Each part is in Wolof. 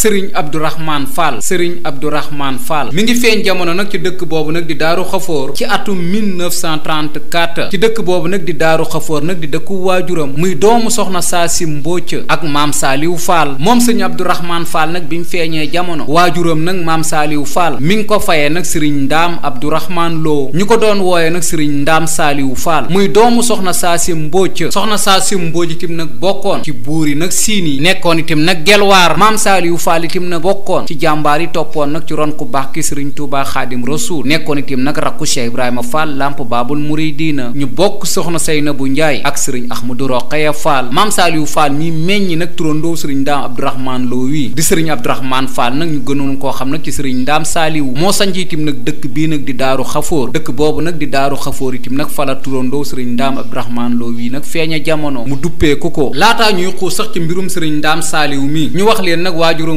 Serigne Abdourahmane Fall Serigne Abdourahmane Fall mi ngi feeñ jamono nag ci dëkk boobu nag di Daaru Xafoor ci atum 1934 ci dëkk boobu nag di Daaru Xafoor nag di dëkku waajuram muy doomu soxna saa Saasi Mbocc ak maam Saaliw faal moom Serigne Abdourahmane Fall nag bi mu feeñee jamono waajuram nag maam Saaliw Fall mi ngi ko fayee nag sëriñ Ndaam Abdourahmane loo ñu ko doon wooye nag Serigne Ndaam Saaliw Fall muy doomu soxna saa Saasi Mbocc soxna Saasi Mbocc itam nag bokkoon ci buur yi nag siin Fall itam na bokkoon ci jàmbaar yi toppoon nag ci ron ku baax ki Serigne Touba Xaadim Rasuul nekkoon itam nag rakku Cheikh Ibrahima Fall Lamp Baabul Muridiina ñu bokk soxna Seynabou Ndiaye ak Serigne Ahmadou Rokhaya Fall maam Saliou Fall mi meññi nag turandoo Serigne Ndaam Abdourahmane Lo wi di Serigne Abdourahmane Fall nag ñu gënoon koo xam nag ci Serigne Ndaam Saliou moo sanc itam nag dëkk bii nag di Daaru Xafoor dëkk boobu nag di Daaru Xafoor itam nag fala turandoo Serigne Ndaam Abdourahmane Lo wi nag feeña jamono mu duppee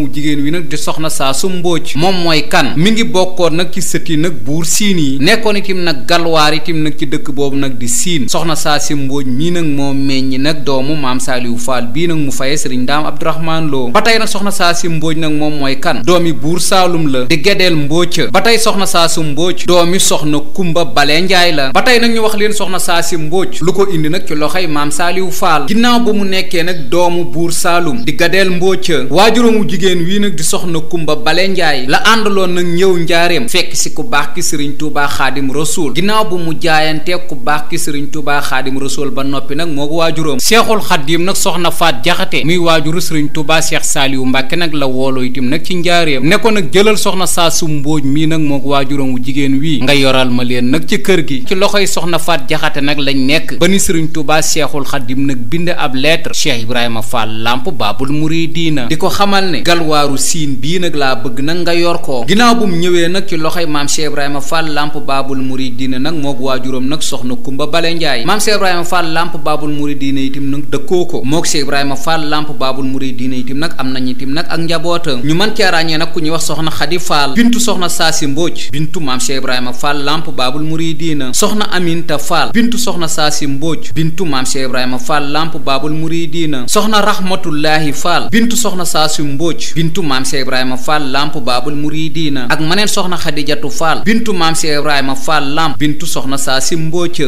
doomu jigéen wi nag di soxna Saasum Mbóoj moom mooy kan mi ngi bokkoon nag ci sëti nag buur siin yi nekkoon itam nag galwaar itam nag ci dëkk boobu nag di siin soxna si Mbóoj mii nag moo meññi nag doomu maam Saaliwu Faal bii nag mu faye sëriñ Ndaam Abdurahmaan Lo ba tey nag soxna Saasum Mbóoj nag moom mooy kan doomi buur Saalum la di Gédeel Mbóoj ba tey soxna Saasum Mbóoj doomi soxna Kumba Bale Njaay la ba tey nag ñu wax leen soxna saa si Mbóoj lu ko indi nag ci loxoy maam Saaliwu Faal ginnaaw ba mu nekkee nag doomu buur Saalum di Gédeel Mbóoj waajuróomu jigéen wii nag di soxna Kumba Bale Njaay la àndaloon nag ñëw njaareem fekk ku baax ki sëriñ Tuubaa Xaadim Rasuul ginnaaw bu mu jaayantee ku baax ki sëriñ Tuubaa Xaadim Rasuul ba noppi nag moo ko waajuram Seexul Xaadim nag soxna Faat Jaxate muy waajuru sëriñ Tuubaa Seex Saaliwu Mbàkke nag la woolooy itam nag ci njaareem ne ko nag jëlal soxna Saasu Mbóoj mii nag moo ko waajuram jigéen wii nga yoral ma leen nag ci kër gi ci loxoy soxna Faat Jaxate nag lañ nekk ba ni sëriñ tubaa Seexul Xaadim nag bind ab lettre Cheikh Ibrahima Fall Lamp Baabul Muriidiina di ko xamal ne xelwaaru siin bii nag laa bëgg nag nga yor ko ginnaaw bu mu ñëwee nag ci loxoy maam Cheikh Ibrahima Fall lamp baabul muridina nag moog waajuram nag soxna Kumba Bale Njaay maam Cheikh Ibrahima Fall lamp baabul muridina itam nag dëkkoo ko moog Cheikh Ibrahima Fall lamp baabul muridina itam nag am nañu itam nag ak njabootam ñu mën cee ràññee nag ku ñuy wax soxna Xadi Fall bintu soxna Saasi Mbóoj bintu maam Cheikh Ibrahima Fall lamp baabul muridina soxna Aminta Fall bintu soxna Saasi Mbóoj bintu maam Cheikh Ibrahima Fall lamp baabul muridina soxna Rahmatullahi Fall bintu soxna Saasi Mbóoj Mbodj bintu maam Cheikh Ibrahima Fall lamp baabul muridiina ak maneen soxna Xadijatu Fall bintu maam Cheikh Ibrahima Fall lamp la soxna saa si Mbodj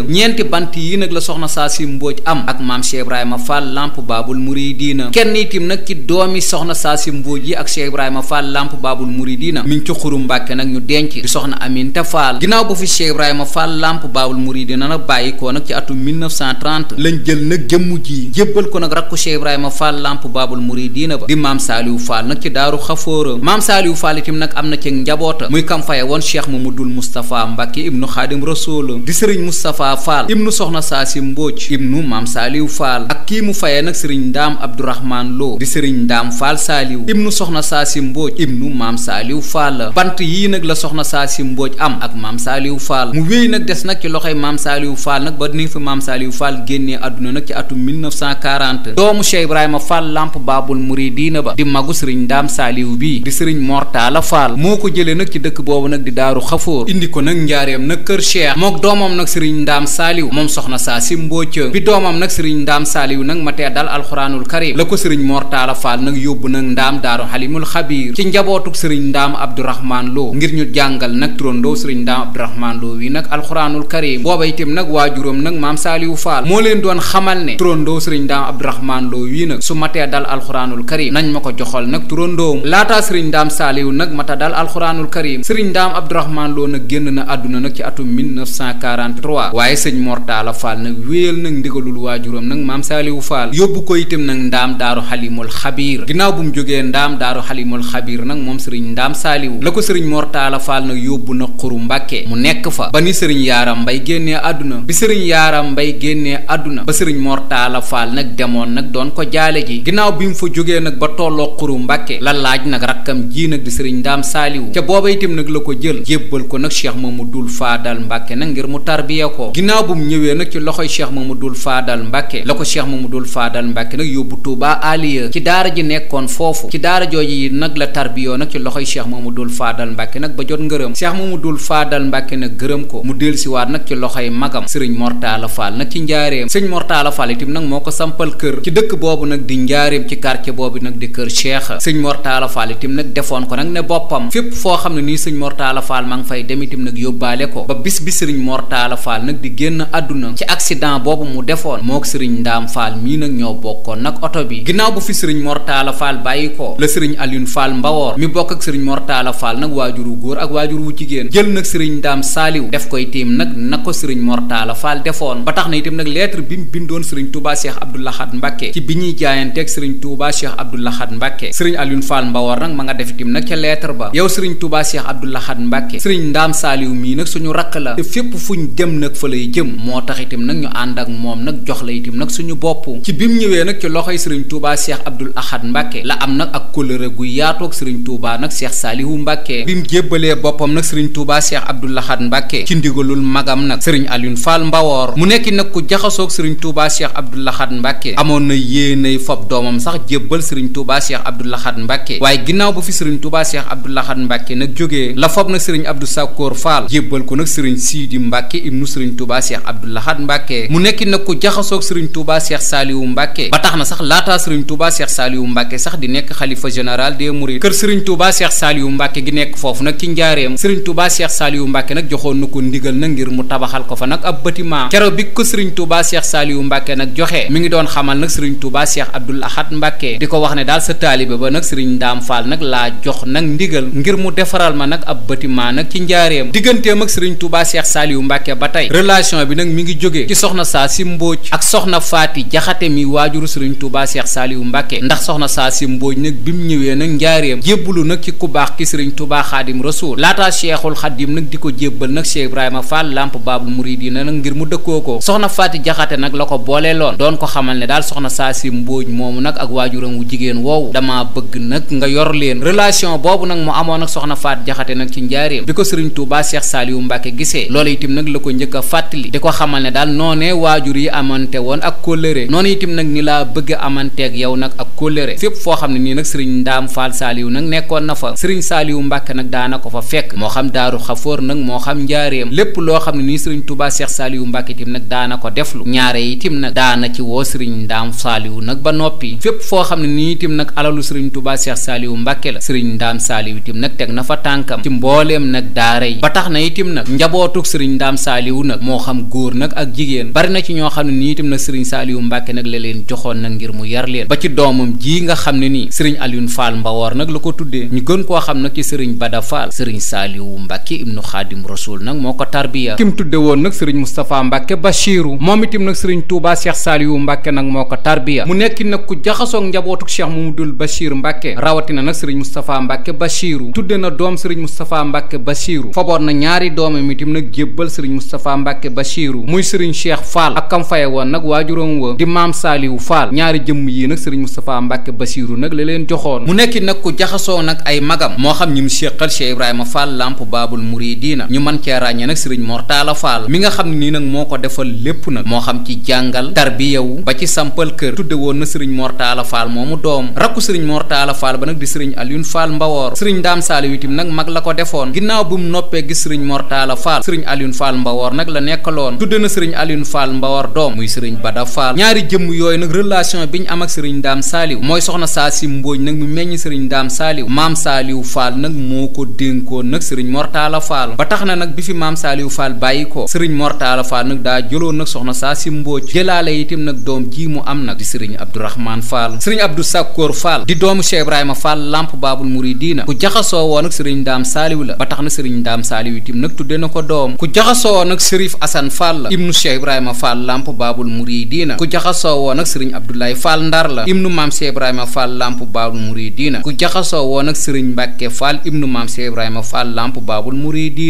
am ak maam Cheikh Ibrahima Fall lamp baabul muridiina kenn itim nag ci doomi mi ngi ci ñu denc di soxna Aminta Fall ginnaaw ba fi Cheikh Ibrahima Fall lamp baabul muridiina nag bàyyi ko nag ci maam Saaliwu Fall Fall nag ci daaru xafóora maam saaliwu Fall itam nag am na ci njaboota muy kam faye woon cheikh mamadul moustapha mbàkke ibnu xaadim rasoola di sëriñ moustapha Fall ibnu soxna saa si mbóoj ibnu maam saaliwu Fall ak kii mu fayee nag sëriñ ndaam abdourahman loo di sëriñ ndaam Fall saaliwu ibnu soxna saa si mbóoj ibnu maam saaliwu Fall bant yii nag la soxna saa si am ak maam saaliwu Fall mu wéy nag des nag ci loxoy maam saaliwu Fall nag ba ni fi maam saaliwu Fall génnee àdduna nag ci atum doomu cheikh ibrahima Fall lamp baabul muridiina ba di magu sëriñ sëriñ ndaam saaliwu bii di sëriñ mortaala faal moo ko jëlee nag ci dëkk boobu nag di daaru xafóor indi ko nag njaareem nag kër cheikh mook doomam nag sëriñ ndaam saaliw moom soxna saa si mbóocëng bi doomam nag sëriñ ndaam saaliw nag ma tee dal alxuraanul karim la ko sëriñ mortaala faal nag yóbbu nag ndaam daaru xalimul xabiir ci njabootuk sëriñ ndaam abdourahmaan loo ngir ñu jàngal nag turandoo sëriñ ndaam abdourahmaan loo wi nag alxuraanul karim booba itam nag waajuram nag maam saaliwu faal moo leen doon xamal ne turandoo sëriñ ndaam nag turandoom laataa sëriñ ndaam saaliwu nag mata dal alxuraanul karim sëriñ ndaam abdourahmaan loo nag génn na àdduna nag ci atum 1943 waaye sëñ mortaala faal nag wéyal nag ndigalul waajuram nag maam saaliwu faal yóbbu ko itam nag ndaam daaru xalimul xabiir ginnaaw bu mu jógee ndaam daaru xalimul xabiir nag moom sëriñ ndaam saaliwu la ko sëriñ mortaala faal nag yóbbu na xuru mbàkke mu nekk fa ba ni sëriñ yaaram mbay génnee àdduna bi sëriñ yaaram mbay génnee àdduna ba sëriñ mortaala faal nag demoon nag doon ko nag ba tolloo xuru Mbàkke la laaj nag rakkam ji nag di sëriñ ndaam saaliwu ca booba itam nag la ko jël jébbal ko nag cheikh mamadul faadal mbàkke nag ngir mu tarbiya ko ginnaaw bu mu ñëwee nag ci loxoy cheikh mamadul faadal mbàkke la ko cheikh mamadul faadal mbàkke nag yóbbu Touba aliya ci daara ji nekkoon foofu ci daara jooju yi nag la tarbiyoo nag ci loxoy cheikh mamadul faadal mbàkke nag ba jot ngërëm cheikh mamadul faadal mbàkke nag gërëm ko mu dellusiwaat nag ci loxoy magam sëriñ mortaala faal nag ci njaareem sëriñ mortaala faal itam nag moo ko sampal kër ci dëkk boobu nag di njaareem ci quartier boobu nag di kër cheikh sëñ Mortala Fall itam nag defoon ko nag ne boppam fépp foo xam ne nii sëñ Mortala Fall ma ngi fay dem itam nag yóbbaale ko ba bis bi sëriñ Mortala faal nag di génn àdduna ci accident boobu mu defoon moo sëriñ Ndaam faal mii nag ñoo bokkoon nag oto bi ginnaaw bu fi sëriñ Mortala Fall bàyyi ko la sëriñ Alioune faal Mbawoor mi bokk ak sëriñ Mortala Fall nag waajur wu góor ak waajur wu jigéen jël nag sëriñ Ndaam Saaliw def koy tiim nag na ko sëriñ Mortala Fall defoon ba tax na itam nag lettre bi mu bindoon sëriñ Touba Cheikh Abdou Lahad Mbacké ci bi ñuy jaayanteeg sëriñ Touba Cheikh Abdou Lahad Mbacké sëriñ Alioune Fall Mbawar nag ma nga def itim nag ca lettre ba yow sëriñ Touba Cheikh Abdou Lahad Mbacke sëriñ Ndaam Saaliw mii nag suñu rakk la te fépp fuñ jëm nag fa lay jëm moo tax itim nag ñu ànd ak moom nag jox la itim nag suñu bopp ci bi mu ñëwee nag ci loxoy sëriñ Touba Cheikh Abdoul Ahad Mbacke la am nag ak kóllëre gu yaatoo ak sëriñ Touba nag Cheikh Saalihu Mbacke bi mu jébbalee boppam nag sëriñ Touba Cheikh Abdoul Ahad Mbacke ci ndigalul magam nag sëriñ Alioune Fall Mbawor mu nekk nag ku jaxasoog sëriñ Touba Cheikh Abdoul Ahad Mbacke amoon na yéenay fob doomam sax jébbal sëriñ Touba Cheikh Abdoul Lahad Mbacke waaye ginnaaw ba fi sëriñ Touba Cheikh Abdou Lahad Mbacke nag jógee la fob na sëriñ ko nag sëriñ Sidi Mbacke ibnu sëriñ Touba Cheikh Abdou Lahad Mbacke mu nekk nag ku jaxasoog sëriñ Touba Cheikh Saliou Mbacke ba tax na sax laataa sëriñ Touba Cheikh Saliou Mbacke sax di nekk xalifa général des Mourides kër sëriñ Touba Cheikh Saliou Mbacke gi nekk foofu nag ci njaareem sëriñ Touba Cheikh Saliou Mbacke nag joxoon na ko ndigal na ngir mu tabaxal ko fa nag ab bâtiment keroog bi ko sëriñ Touba Cheikh Saliou Mbacke nag joxe mi ngi doon xamal nag sëriñ Touba Cheikh Abdou Lahad Mbacke di ko wax ne daal sa taalibe ba nag sëriñ ndaam faal nag laa jox nag ndigal ngir mu defaral ma nag ab bâtiment nag ci njaareem digganteem ak sëriñ Touba Cheikh Saliou Mbacke ba tey relation bi nag mi ngi jógee ci soxna saa si mbóoj ak soxna faati jaxate mi waajuru sëriñ Touba Cheikh Saliou Mbacke ndax soxna saa si mbóoj nag bi mu ñëwee nag njaareem jébbalu nag ci ku baax ki sëriñ Touba Xaadim Rasuul laataa Cheikhul Xaadim nag di ko jébbal nag Cheikh Ibrahima Fall Lamp Baabul Muridiina nag ngir mu dëkkoo ko soxna faati jaxate nag la ko boolee doon ko xamal ne daal soxna saa si mbóoj moomu nag ak waajuram jigéen woowu bëgg nag nga yor leen relation boobu nag mu amoon ak soxna faat jaxate nag ci njaareem bi ko sëriñ Touba Cheikh Saliou Mbacke gisee loola itam nag ko njëkk a fàttali di ko xamal ne daal noonee waajur yi amante woon ak kóllëre nag ni laa bëgg amanteeg yow nag ak kóllëre fépp foo xam ne nii nag sëriñ Ndaam Faal Saliou nag nekkoon na fa sëriñ Saliou Mbacke nag daana ko fa fekk moo xam daaru xafoor nag moo xam njaareem lépp loo xam ne nii sëriñ Touba Cheikh Saliou Mbacke itam nag daana ko deflu ñaare itam nag daana ci woo sëriñ Ndaam Saliou nag ba noppi fépp foo xam ne nii itam nag alalu sëriñ sëriñ Touba Cheikh Saliou Mbacke la sëriñ Ndaam Saliou nag teg na fa tànkam ci mbooleem nag daara yi ba tax na itam nag njabootuk sëriñ Ndaam nag moo xam góor nag ak jigéen bari na ci ñoo xam ne nii itam nag sëriñ Saliou Mbacke nag la leen joxoon nag ngir mu yar leen ba ci doomam jii nga xam ne nii sëriñ Alioune Fall Mbawor nag la ko tuddee ñu gën koo xam nag ci sëriñ Bada Fall sëriñ Saliou Mbacke ibnu Xaadim Rasul nag moo ko tarbiya kim tudde woon nag sëriñ Moustapha Mbacke Bachiru moom itam nag sëriñ Touba Cheikh Saliou Mbacke nag Bachir Mbacke rawatina nag sëriñ Moustapha Mbacke Bachiru tudde na doom sëriñ Moustapha Mbacke Bachiru foboon na ñaari doomam itam nag jébbal sëriñ Moustapha Mbacke Bachiru muy sëriñ Cheikh Fall ak kam faye woon nag waajuram wa di maam Saliou Fall ñaari jëmm yii nag sëriñ Moustapha Mbacke Bachiru nag la leen joxoon mu nekk nag ku jaxasoo nag ay magam moo xam ñi mu séqal Cheikh Ibrahima Fall Lamp Baabul Muridiina ñu mën cee ràññee nag sëriñ Mortala Fall mi nga xam nii nag moo ko defal lépp nag moo xam ci jàngal tarbiyawu ba ci sampal kër tudde woon na sëriñ Mortala Fall moomu doom rakku sëriñ Mortala Fall ba nag di sëriñ Alioune Fall Mbawoor sëriñ Daam Saaliw nag mag la ko defoon ginnaaw bu mu noppee gis sëriñ Mortala Fall sëriñ Alioune Fall la na sëriñ Alioune Fall Mbawoor doom muy sëriñ Bada Fall ñaari yooyu nag relation biñ am ak sëriñ Daam Saaliw mooy soxna saa si mbooñ nag mu meññ sëriñ Daam Saaliw maam Saaliw Fall nag moo ko dénkoon nag sëriñ Mortala Fall ba tax na nag bi fi maam Saaliw Fall ko sëriñ Mortala Fall nag daa jëloon nag soxna saa si mbooc jëlaale itam ji am nag di sëriñ doomu Cheikh Ibrahima Fall Lamp Baabul Muridiina ku jaxasoo woon ak sëriñ Ndaam Saaliw la ba tax na sëriñ Ndaam Saaliw itam nag tudde na ko doom ku jaxasoo woon ak sërif Asan Fall la ibnu Cheikh Ibrahima Fall Lamp Baabul Muridiina ku jaxasoo woon ak sëriñ Abdoulaye Fall Ndar la ibnu maam Cheikh Ibrahima Fall Lamp Baabul Muridiina ku jaxasoo woon ak sëriñ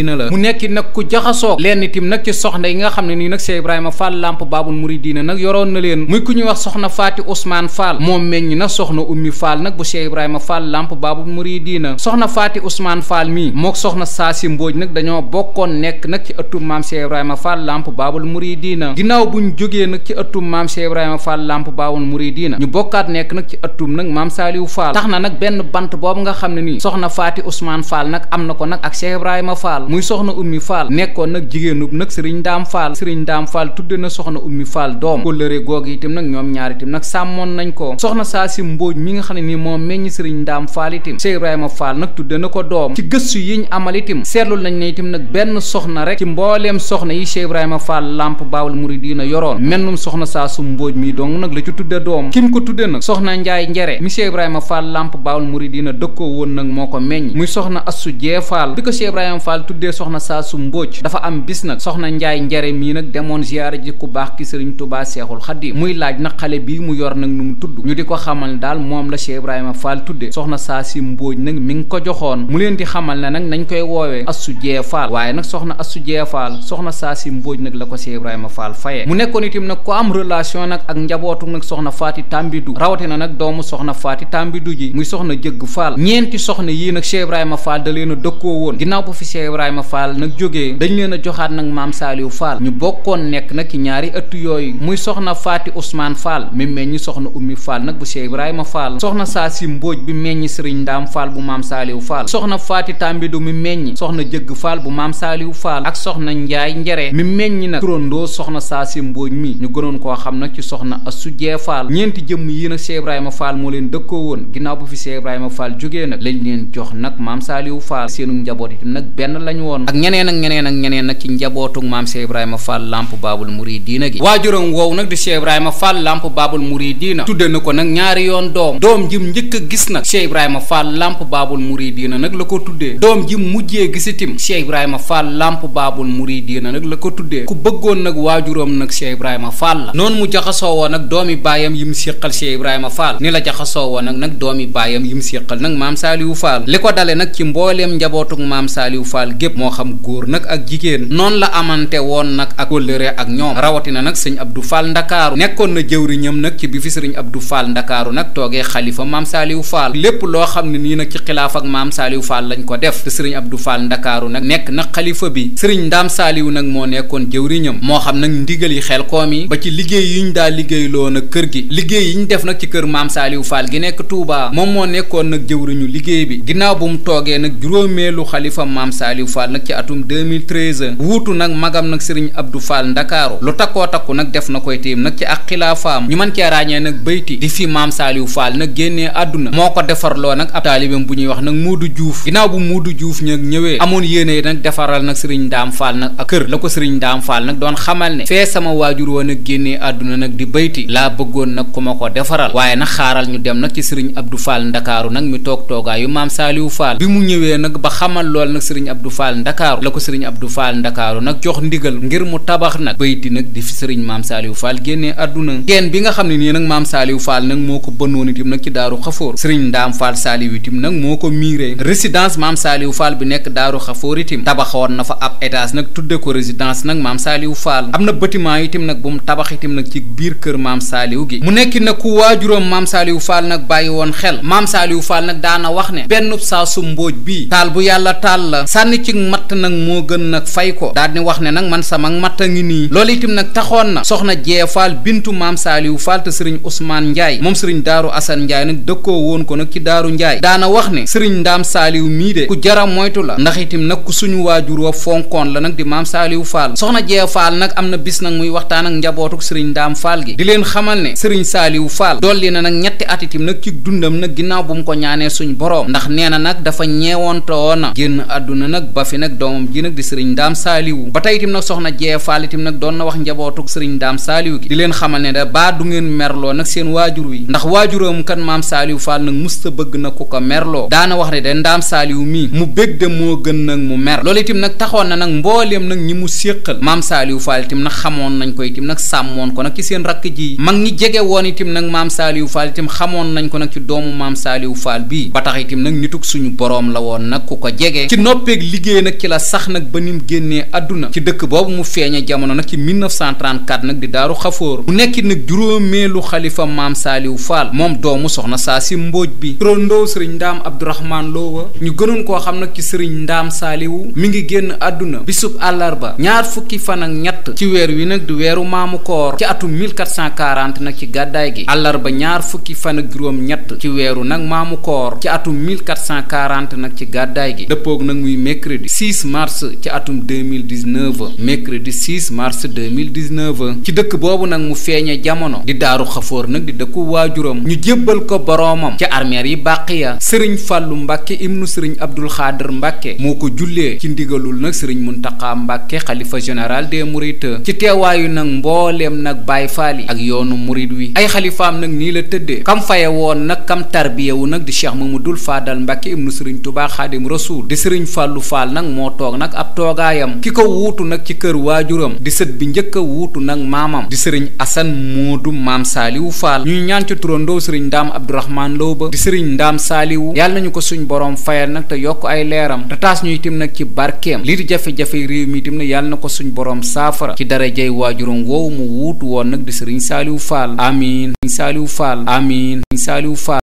la mu nekk nag ku jaxasoo lenn itam nag ci soxna yi nga xam ne nii nag Cheikh Ibrahima Fall Lamp Baabul Muridiina nag yoroon na leen muy ku ñuy wax soxna Faati Ousmane Fall moom meññ na soxna Ummi Fall nag nag bu Cheikh Ibrahima Fall Lamp Baabul Muridiina soxna Faati Ousmane Fall mii mook soxna saa Mbooj nag dañoo bokkoon nekk nag ci ëttum maam Cheikh Ibrahima Fall Lamp Baabul Muridiina ginnaaw buñ jógee nag ci ëttum maam Cheikh Ibrahima Fall Lamp Baabul Muridiina ñu bokkaat nekk nag ci ëttum nag maam Saaliwu Fall tax na nag benn bant boobu nga xam ne nii soxna Faati Ousmane Fall nag am na ko nag ak Cheikh Ibrahima muy soxna Ummi Fall nekkoon nag jigéenub nag Sëriñ Ndaam Fall Sëriñ Ndaam Fall tudde na soxna Ummi Fall doom kóllëre googu itam nag ñoom ñaar nag sàmmoon nañ ko nga xam ne nii moo meññ sëriñ ndaam faal itim Cheikh Ibrahima Fall nag tudde na ko doom ci gëstu yi amal itim seetlul nañ ne itim nag benn soxna rek ci mbooleem soxna yi Cheikh Ibrahima Fall lamp baawul muridina yoroon mennum soxna saa su mbooj mi dong nag la ci tudde doom kim ko tudde nag soxna njaay njere mi Cheikh Ibrahima Fall lamp baawul muridina dëkkoo woon nag moo ko meññ muy soxna assu jee faal bi ko Cheikh Ibrahima Fall tuddee soxna saa su mbooj dafa am bis nag soxna njaay njere mii nag demoon ziyaara ji ku baax ki sëriñ tubaa seexul xaddim muy laaj nag xale bii mu yor nag nu mu tudd ñu di ko xamal daal moom la Cheikh Ibrahima Fall tudde soxna saa si mbóoj nag mi ngi ko joxoon mu leen di xamal ne nag nañ koy woowee Astou Dié Fall waaye nag soxna Astou Dié Fall soxna saa si mbóoj nag la ko si Ibrahima Fall fayee mu nekkoon itam nag ko am relation nag ak njabootu nag soxna Faati Tambidou rawatina nag doomu soxna Faati Tambidou ji muy soxna Jëgg Fall ñeenti soxna yii nag Cheikh Ibrahima Fall da leen a dëkkoo woon ginnaaw bu fi Cheikh Ibrahima Fall nag jógee dañ leen a joxaat nag maam Saliou Fall ñu bokkoon nekk nag ñaari ëtt yooyu muy soxna Faati Ousmane Fall mi meññi Masasi Mbóoj bi meññi sëriñ Ndaam Fall bu maam Saaliw Fall soxna Faati Tambidu mi meññi soxna Jëgg Fall bu maam Saaliw Fall ak soxna Njaay Njere mi meññ nag turandoo soxna saa si Mbóoj mi ñu gënoon ko xam nag ci soxna Assu Jee Fall ñeenti jëm yi nag Cheikh Ibrahima Fall moo leen dëkkoo woon ginnaaw bu fi Cheikh Ibrahima Fall jógee nag lañ leen jox nag maam Saaliw Fall seenu njaboot yi nag benn lañ woon ak ñeneen ak ñeneen ak ñeneen nag ci njabootug maam Cheikh Ibrahima Fall lamp baabul muridiina gi waajuram woow nag di Cheikh Ibrahima Fall lamp baabul muridiina tudde na ko nag ñaari yoon doom jim njëkk a gis nag Cheikh Ibrahima Fall Lamp Baabul Muridiina nag la ko tuddee doom ji mujjee gisitim Cheikh Ibrahima Fall Lamp Baabul Muridiina nag la ko tuddee ku bëggoon nag waajuroom nag Cheikh Ibrahima faal la noonu mu jaxasoo woon nag doomi baayam yi mu séqal Cheikh Ibrahima Fall ni la jaxasoo woon nag nag doomi baayam yi mu séqal nag maam Saliou Fall li ko dale nag ci mbooleem njabootug maam Saliou faal gépp moo xam góor nag ak jigéen noonu la amante woon nag ak kóllëre ak ñoom rawatina nag sëñ du Fall Ndakaaru nekkoon na jëwriñam nag ci bi fi sëriñ Abdou Fall Ndakaaru nag toogee maam Saliou Fall lépp loo xam ne nii nag ci xilaaf ak maam Saliou Fall lañ ko def te sëriñ Abdou Fall ndakaaru nag nekk na xalifa bi sëriñ Ndaam Saliou nag moo nekkoon jëwriñam moo xam nag ndigal yi xel koom yi ba ci liggéey yi ñu daa liggéeyloo nag kër gi liggéey yi ñu def nag ci kër maam Saliou Fall gi nekk Touba moom moo nekkoon nag jëwriñu liggéey bi ginnaaw bu mu toogee nag juróomeelu xalifa maam Saliou Fall nag ci atum 2013 wuutu nag magam nag sëriñ Abdou Fall ndakaaru lu takkoo takku nag def na koy téem nag ci ak xilaafaam ñu mën cee ràññee nag bayti di fi maam Saliou Fall nag génne génnee àdduna moo ko defarloo nag ab taalibeem bu ñuy wax nag Moodu Juuf ginnaaw bu Moodu Juuf nag ñëwee amoon yéene nag defaral nag sëriñ Ndaam nag la ko sëriñ Ndaam Faal nag doon xamal ne fee waajur woon nag génnee àdduna nag di bayti laa bëggoon nag ku ma ko defaral waaye nag xaaral ñu dem nag ci sëriñ Abdou Faal Ndakaaru nag mi toog toogaayu maam Saaliwu Faal bi mu ñëwee nag ba xamal lool nag sëriñ du Faal Ndakaaru la ko sëriñ du Faal Ndakaaru nag jox ndigal ngir mu tabax nag bayti nag di sëriñ maam Saaliwu Faal génnee àdduna teen bi nga xam ne nii nag maam Saaliwu Faal nag moo ko bënnoon itam nag ci daaru daaru xafoor sëriñ ndaam faal saaliw itim nag moo ko miiree résidence maam saaliw faal bi nekk daaru xafoor itim tabaxoon na fa ab étage nag tudde ko résidence nag maam saaliw faal na bâtiment itim nag bu mu tabax itim nag ci bàyyi woon xel maam saaliw faal nag daana wax ne benn saa su mbooj taal bu yàlla taal la sànni ci matt nag moo gën nag fay ko daal di wax ne nag man sama matt a ngi nii loolu itam nag taxoon na soxna jee faal bintu maam saaliw faal te sëriñ Ousmane Ndiaye moom sëriñ daaru Assane Ndiaye dëkkoo woon ko nag ci daaru njaay daana wax ne sëriñ ndaam saaliw mii de ku jara moytu la ndax itam nag ku suñu waajur wa fonkoon la nag di maam saaliw faal soxna jee faal nag am na bis nag muy waxtaan ak njabootuk sëriñ ndaam faal gi di leen xamal ne sëriñ saaliw faal dolli na nag ñetti at nag ci dundam nag ginnaaw bu mu ko ñaanee suñu boroom ndax nee na nag dafa ñeewoontoon na génn àdduna nag ba fi nag doomam ji nag di sëriñ ndaam saaliwu ba tey itam nag soxna jee faal itam nag doon na wax njabootu sëriñ ndaam saaliw gi di leen xamal ne da baa du ngeen merloo nag waajur wi Saliou Fall nag musta bëgg na ku ko merloo daana wax ne de ndaam Saliou mii mu bég de moo gën nag mu mer loolu itam nag taxoon na nag mbooleem nag ñi mu séqal maam Saliou Fall itam nag xamoon nañ ko itam nag sàmmoon ko nag ci seen rakk ji mag ñi jege woon itam nag maam Saliou Fall itam xamoon nañ ko nag ci doomu maam Saliou Fall bii ba tax itam nag nitug suñu boroom la woon nag ku ko jege ci noppeeg liggéey nag ci la sax nag ba nim génnee àdduna ci dëkk boobu mu feeñe jamono nag ci 1934 nag di daaru xafóor mu nekkit nag juróomeelu xalifa maam Saliou Fall moom doomu soxna Massaassi Mbóoj bi turandoo sëriñ ndaam Abdourahmane Lo wa ñu gënoon koo xam nag ci sëriñ ndaam saaliwu mi ngi génn àdduna bisub àllarba ñaar fukki fan ak ñett ci weer wi nag du weeru maamu koor ci atum 1440 nag ci gàddaay gi àllarba ñaar fukki fan ak juróom ñett ci weeru nag maamu koor ci atum 1440 nag ci gàddaay gi dëppoog nag muy mercredi 6 mars ci atum 2019 mercredi 6 mars 2019 ci dëkk boobu nag mu feeñe jamono di daaru xafoor nag di dëkku waajuram ñu jébbal ko boroomam ca armeer yi bàqiya sëriñ fàllu mbàkke ibnu sëriñ abdul xaadir mbàkke moo ko jullee ci ndigalul nag sëriñ muntaxa mbàkke xalifa général des mourides ci teewaayu nag mbooleem nag baay faal yi ak yoonu murid wi ay xalifaam nag nii la tëddee kam faye woon nag kam tarbiyewu nag di cheikh mamadul faadal mbàkke ibnu sëriñ tubaa xaadim rasuul di sëriñ fàllu faal nag moo toog nag ab toogaayam ki ko wuutu nag ci kër waajuram di sët bi njëkk a wuutu nag maamam di sëriñ asan abdourahmaan loo ba di sëriñ ndaam saaliwu yàlla nañu ko suñ boroom fayal nag te yokk ay leeram te taas ñuy tim nag ci barkeem lii di jafe-jafe réew mi tim na yàlla na ko suñ boroom saafara ci darajey waajuram woowu mu wuutu woon nag di sëriñ saaliwu faal amiin sëriñ faal amiin sëriñ faal